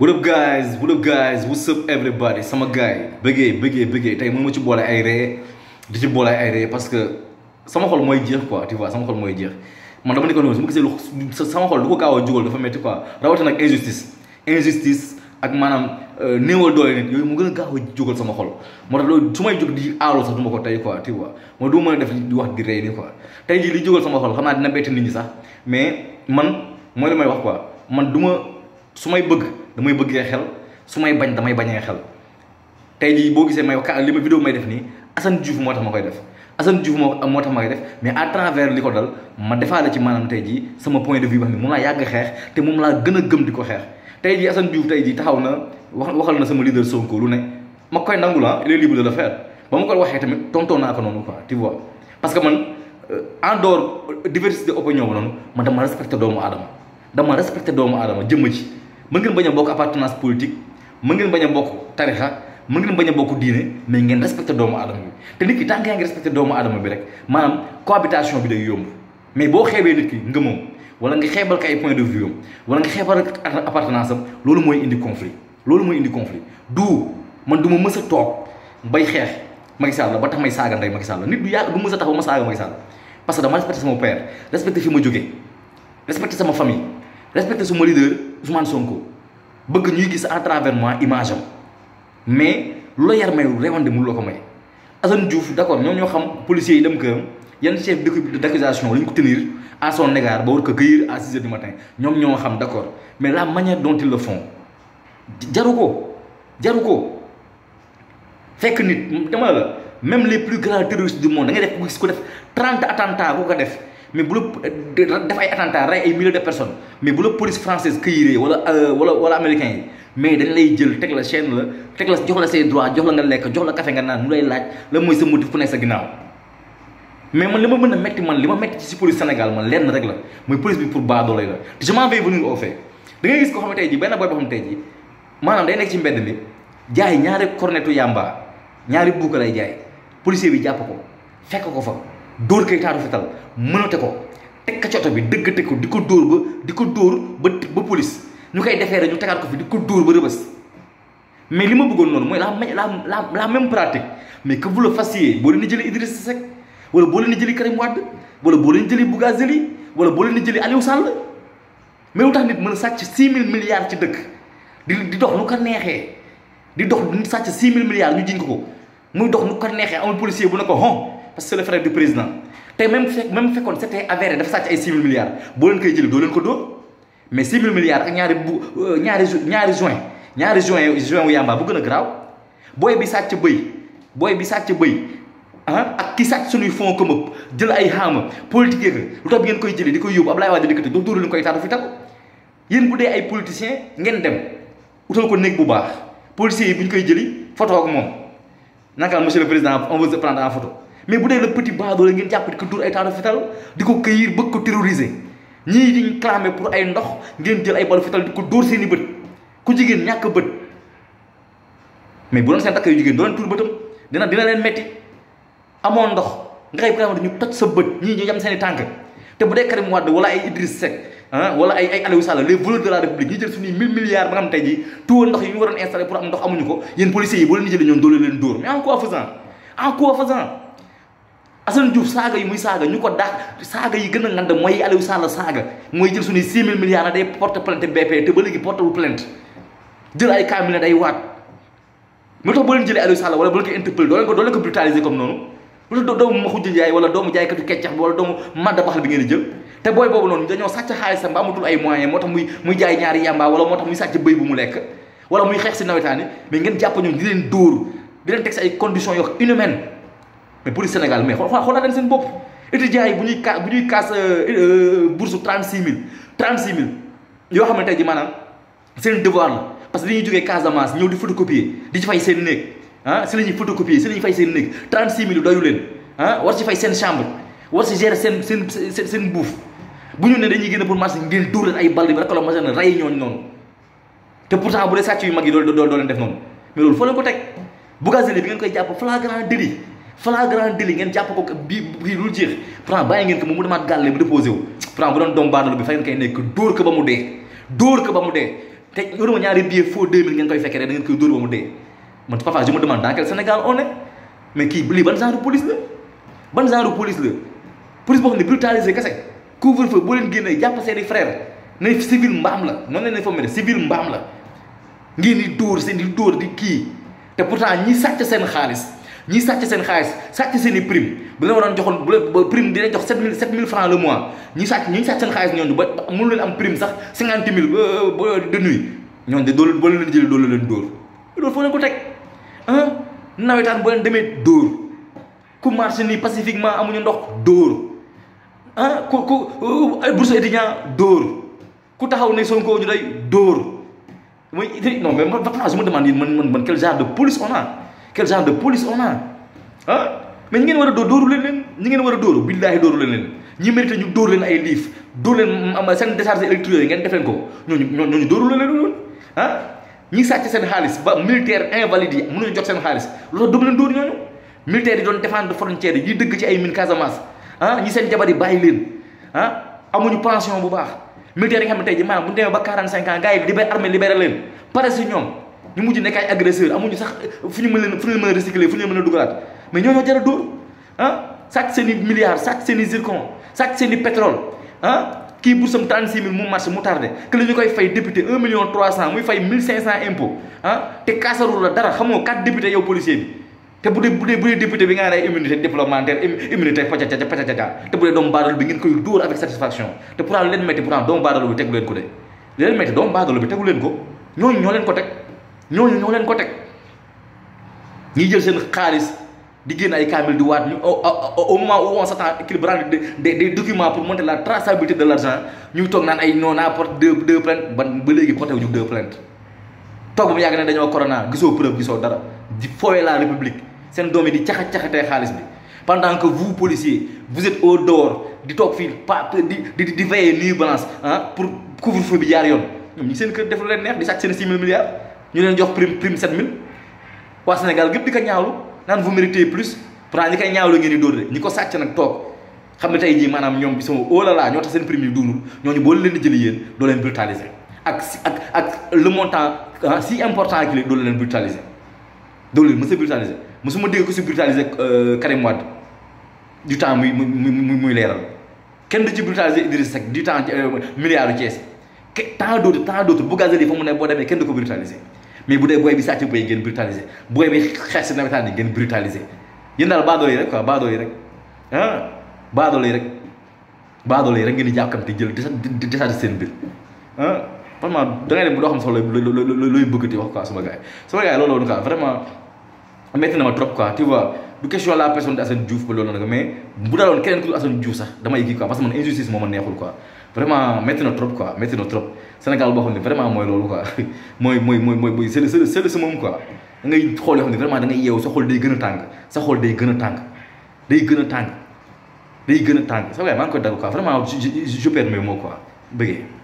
what up guys what up guys what's up everybody sama gars yi bëggee tey moom ma ci boole ay ree di ci boole ay sama xol mooy jeex quoi tu vois mooy jeex man dama nekkoon su ma gisee lu sama xol lu ko gaaw a jógal dafa métti quoi rawatina ak injustice injustice ak maanaam euh, néewal doole nit yooyu mu gën a gaaw a jógal sama xol moo tax loolu su may jóg di aaloo sax du ko tey quoi tu vois moo du mën a def di wax di rey nii quoi tey jii li jógal sama xol xam naa dina bett nit ñi sax mais man mooy li may wax quoi man du ma su may bëgg damay bëgg nga ya xel su may bañ damay bañ nga ya xel tay li bo gisé may wax li ma vidéo may def ni asan djouf motax makoy def asan djouf motax makoy def mais à travers liko dal ma defaale ci manam tay ji sama point de vue bax ni moom la yag xex té moom la gëna gëm diko xex tay ji asan djouf tay ji taxaw na waxal na sama leader Sonko lu ne makoy koy nangu il est libre de le faire ba ma koy waxee tamit tontoon na ko nonou quoi tu vois parce que man euh, en dehors euh, diversité opinion non man dama respecté doomu adam dama respecté doomu adam jëmm ci mungkin banyak bok a bokk appartenance politique banyak bok bañ a banyak bok dini, ngeen respect a adam. Tadi kita ngeen yang respect aadama bi te nit ki habitat semua yaa ngi respecté doomu aadama bi rek maanaam cohabitation bi day yomb mais boo xeebee nit ki ngëmam wala nga xeebal ko point de vue wala nga xeebal appartenance am loolu mooy indi conflit loolu mooy indi conflit du man du ma mës a toog bay xeex Macky Sall la ba tax may saaga ndey Macky Sall nit du du tax sama père respecté suma leader Ousmane ko bëgg ñuy gis à travers moi image am mais lu la yar mayul rewande mënu la ko may Assane Diouf d' accord ñoom ñoo xam policiers yi dem këram yan chef d' accusation la ñu ko tenir à son égard ba war ko cueillir à du matin ñoom ñoo xam d' mais la manière dont ils le font jaru ko jaru ko fekk nit dama la même les plus grands terroristes du monde def ku gis ku def trente attentats boo ko def mais bu la def ay attentat rey ay milliers de personnes mais bu la police française cueillir wala euh, wala wala américain yi mais dañ lay jël teg la chaîne la teg la jox la say droit jox la nga lekk jox la kafe nga naan mu lay laaj la mooy sa motif ku nekk sa ginnaaw. mais man li ma mën a metti man li ma metti ci police Sénégal man lenn rek la mooy police bi pour baadoolo la te je m'en vais venir au fait da ngay gis ko xam ne tey jii benn boy boo xam ne tey jii maanaam ñaari cornetu yamba ñaari jaay policier bi jàpp ko fekk ko fa. dóor kay taaru fetal mënate ko teg ko ci oto bi dëggate ko di ko dóor ba di ko dóor ba ba police ñu koy defee rek ñu tegaat ko fi di ko dóor ba rëbës mais li ma bëggoon noonu mooy la la la même pratique mais que vous le fassiez boo leen di jëlee Idrissa Seck wala boo leen di jëlee Karim Wade boo leen di jëlee Bougazeli wala boo leen di jëlee Aliou mais lu tax nit mën sàcc 6 000 ci dëkk di di dox nu ko neexee di dox sàcc 6 000 milliards ñu jiñ ko ko muy dox nu ko neexee amul policier bu ne ko hon parce que c'est le frère du président tay même fekk même fekkoon c'était avéré dafa sacc ay 6000 milliards bo len koy jël do len ko do mais 6000 milliards ak ñaari ñaari ñaari joint ñaari joint joint wu yamba bu gëna graw boy bi sacc beuy boy bi sacc beuy han ak ki sacc suñu fond comme jël ay xaama politique lu tax ngeen koy jël diko yob yóbbu wadi dikati do doo dóor koy taatu fi tak yeen budé ay politiciens ngeen dem utal ko nek bu baax policiers yi buñ koy jëli photo ak mom nakal monsieur le président on veut se prendre en photo mais bu dee le petit baadoolo ngeen jàpp ko dur ay taatu ay ndox ngeen jël ay balu fital di ko dóor seeni i bët ku jigéen ñàkk bët mais bu doon seen takk yu jigéen doo leen tuur bëtam dina leen metti amoon ndox nga xëy présenté ñu toj sa bët ñu yem seen i tànk te bu dee Karim Wade wala ay Idriss Seck ah wala ay ay Aliou Sall les de la république ñi jël suñuy 1000 milliards ba nga xam tey jii tuwal ndox yi ñu waroon installé pour am ndox amuñu ko yéen policiers yi boo leen jëlee ñoom doole en quoi faisant en Assane Diouf saaga yi muy saaga ñu ko daax saaga yi gën a ngand mooy Aliou Sall saaga mooy jël su 6 000 milliards la day porte plainte BP te ba léegi porte wu jël ay kaamil ne day waat mu tax boo leen jëlee Aliou Sall wala boo leen ko doo leen ko doo leen ko brutaliser comme noonu lu tax doomu Maxuj Njaay wala doomu jaaykatu keccax bi wala doomu madda baxal bi ngeen jël te booy boobu noonu dañoo sàcc xaalisam ba amatul ay moyens moo tax muy muy jaay ñaari yàmbaa wala moo tax muy sàcc bëy bu mu lekk wala muy xeex si nawetaani ngeen jàpp ñoom di leen dóor di leen teg si ay conditions yoo mais police Sénégal mais xool xoolal leen seen bopp étudiants yi bu ñuy ka bu ñuy kaas bourse trente six mille trente six mille yoo xam ne tey ji maanaam seen devoir la parce que dañuy jógee Casamance ñëw di photocopier di ci fay seen néeg si la ñuy si la fay seen néeg trente six mille doyu leen war ci fay seen chambre war ci gérer seen seen seen seen buuf bu ñu ne dañuy génn pour marché ngeen dóor leen ay ball bi rek la machine rey ñooñu noonu te pourtant bu yu mag yi doo doo doo leen def noonu koy jàpp flagrant délit ngeen jàpp ko bii bii lu jeex Franc bàyyi ngeen ko moom mu demaat gàlle bi déposé wu Franc bu doon doom baadal bi fay ngeen koy nekk dóor ko ba mu dee dóor ko ba mu dee te yoruma ñaari mu dee Sénégal on mais kii lii ban genre police la ban genre police la police boo xam ne brutalisé kese couvre feu boo leen génnee jàpp seeni frère ne civil mbaam la noonu la leen fa mel civil mbaam la ngeen di dóor seen di dóor di kii te pourtant ñi sàcc seen xaalis ñi sacc seen xaalis sacc seen prime bu leen waroon joxon bu leen prime dina jox 7.000 7000 francs le mois ñi sacc ñi sacc seen xaalis ñoon ba mu leen am prime sax 50000 mille euh, euh, euh, de nuit ñoon de dool boo leen jël dool leen dool dool fo leen ko tek hein nawetaan boo leen demé dool ku marché ni pacifiquement amuñu ndox dool ah ku ku bourse étudiant dool ku taxaw ne sonko ñu day dool moy non mais ma franchement je me demande man man man quel genre de police on a quel genre de police on a ah mais ñi ngeen war a dóor dóoru leen leen ngeen war a door billaahi dóoru leen leen ñi mérité ñu dóor leen ay liif dóor leen seen décharge électrique yi ngeen def ko ñooñu ñooñu dóoru leen leen ah ñi sàcc seen xaalis ba militaire invalide yi mënuñu jox seen xaalis lu tax dóoru leen dóor ñooñu militaire yi doon défendre frontière yi yi dëgg ci ay mine Casamance ah ñi seen jabar yi bàyyi leen ah amuñu pension bu baax militaire yi nga xam ne tey ji bu ba 45 ans gars yi libéré armée libéré leen pare ñu mujj nekk ay agresseur amuñu sax fu ñu mën leen fu ñu mën recycler fu ñu mën a mais ñoo ñoo jar a dóor ah sàcc milliards sàcc seni zircon sàcc seni pétrole hein ki boursam 36 000 mu marché mu tardé que la ñukoy fay député 1 million 300 muy fay 1500 impôt hein ah, té kaasaru la dara xamoo quatre député yow policier bi té bu dee bu député bi nga ne immunité déparlementaire immunité pacha pacha pacha pacha té dee dom baadal bi ngeen koy dóor avec satisfaction té pourtant leen metti pourtant dom baadal bi tegu leen ko dé leen metti dom baadal bi tegu leen ko ñoo ñoo leen ko teg ñooñu ñoo leen ko teg ñi jël seen xaalis di génn ay kaamil di waat ñu au moment où on s'attend équilibrage des des documents pour montrer la traçabilité de l'argent ñu ngi toog naan ay non naa porte deux deux plaintes ban ba léegi porté wu ñu deux plaintes toog ba mu yàgg ne dañoo corona gisoo preuve gisoo dara di fooyee la république seen doom yi di caxa caxatee xaalis bi pendant que vous policiers vous êtes au dehors di toog fii pa di di di veiller nuit balance ah pour couvre-feu bi jaar yoon ñoom ñu seen kër def lu leen neex di sàcc seen six mille milliards. ñu leen jox prime prime 7000 waa Sénégal gépp di ko ñaawlu naan vous méritez plus pourtant ñi koy ñaawlu ngeen di dóor de ñi ko sàcc nag toog xam ne tey jii maanaam ñoom bi sama olala oh ñoo tax seen prime yi duunul ñooñu boo leen di jëli yéen doo leen brutaliser ak si ak ak le montant ah, si important qu'il est doo leen brutaliser doo leen mës a brutaliser mësuma dégg ko si brutaliser euh, Karim Wade du temps muy muy muy muy leeral kenn du ci brutaliser Idriss Seck du temps euh, milliard Thiès tant d'autres tant d'autres bu gazali fa mu ne mais bu dee booy bi sa bëy ngeen brutalisé booy bi xeex si nawetaan yi ngeen brutalisé yéen daal baadoolo yi rek quoi baadoolo yi rek ah baadoolo yi rek baadoolo yi rek ngeen di jàkkamte jël di desaat seen biir ah vraiment da ngay dem doo looy looy bëggati wax quoi sama gars yi sama gars yi loolu woon quoi vraiment métti na ma trop quoi tu vois du question la personne de Assane Diouf ba loolu nag mais bu daloon keneen ku Assane Diouf sax damay kii quoi parce man injustice moo ma neexul quoi vraiment métti na trop quoi métti na trop Sénégal boo xam ne vraiment mooy loolu quoi mooy mooy mooy mooy c'est le c'est le summum quoi da ngay xool yoo xam ne sa xool day gën a tàng sa xool day gën a tàng day gën a tàng day gën a tàng sa waay maa ngi koy dal quoi vraiment je je perds bëggee.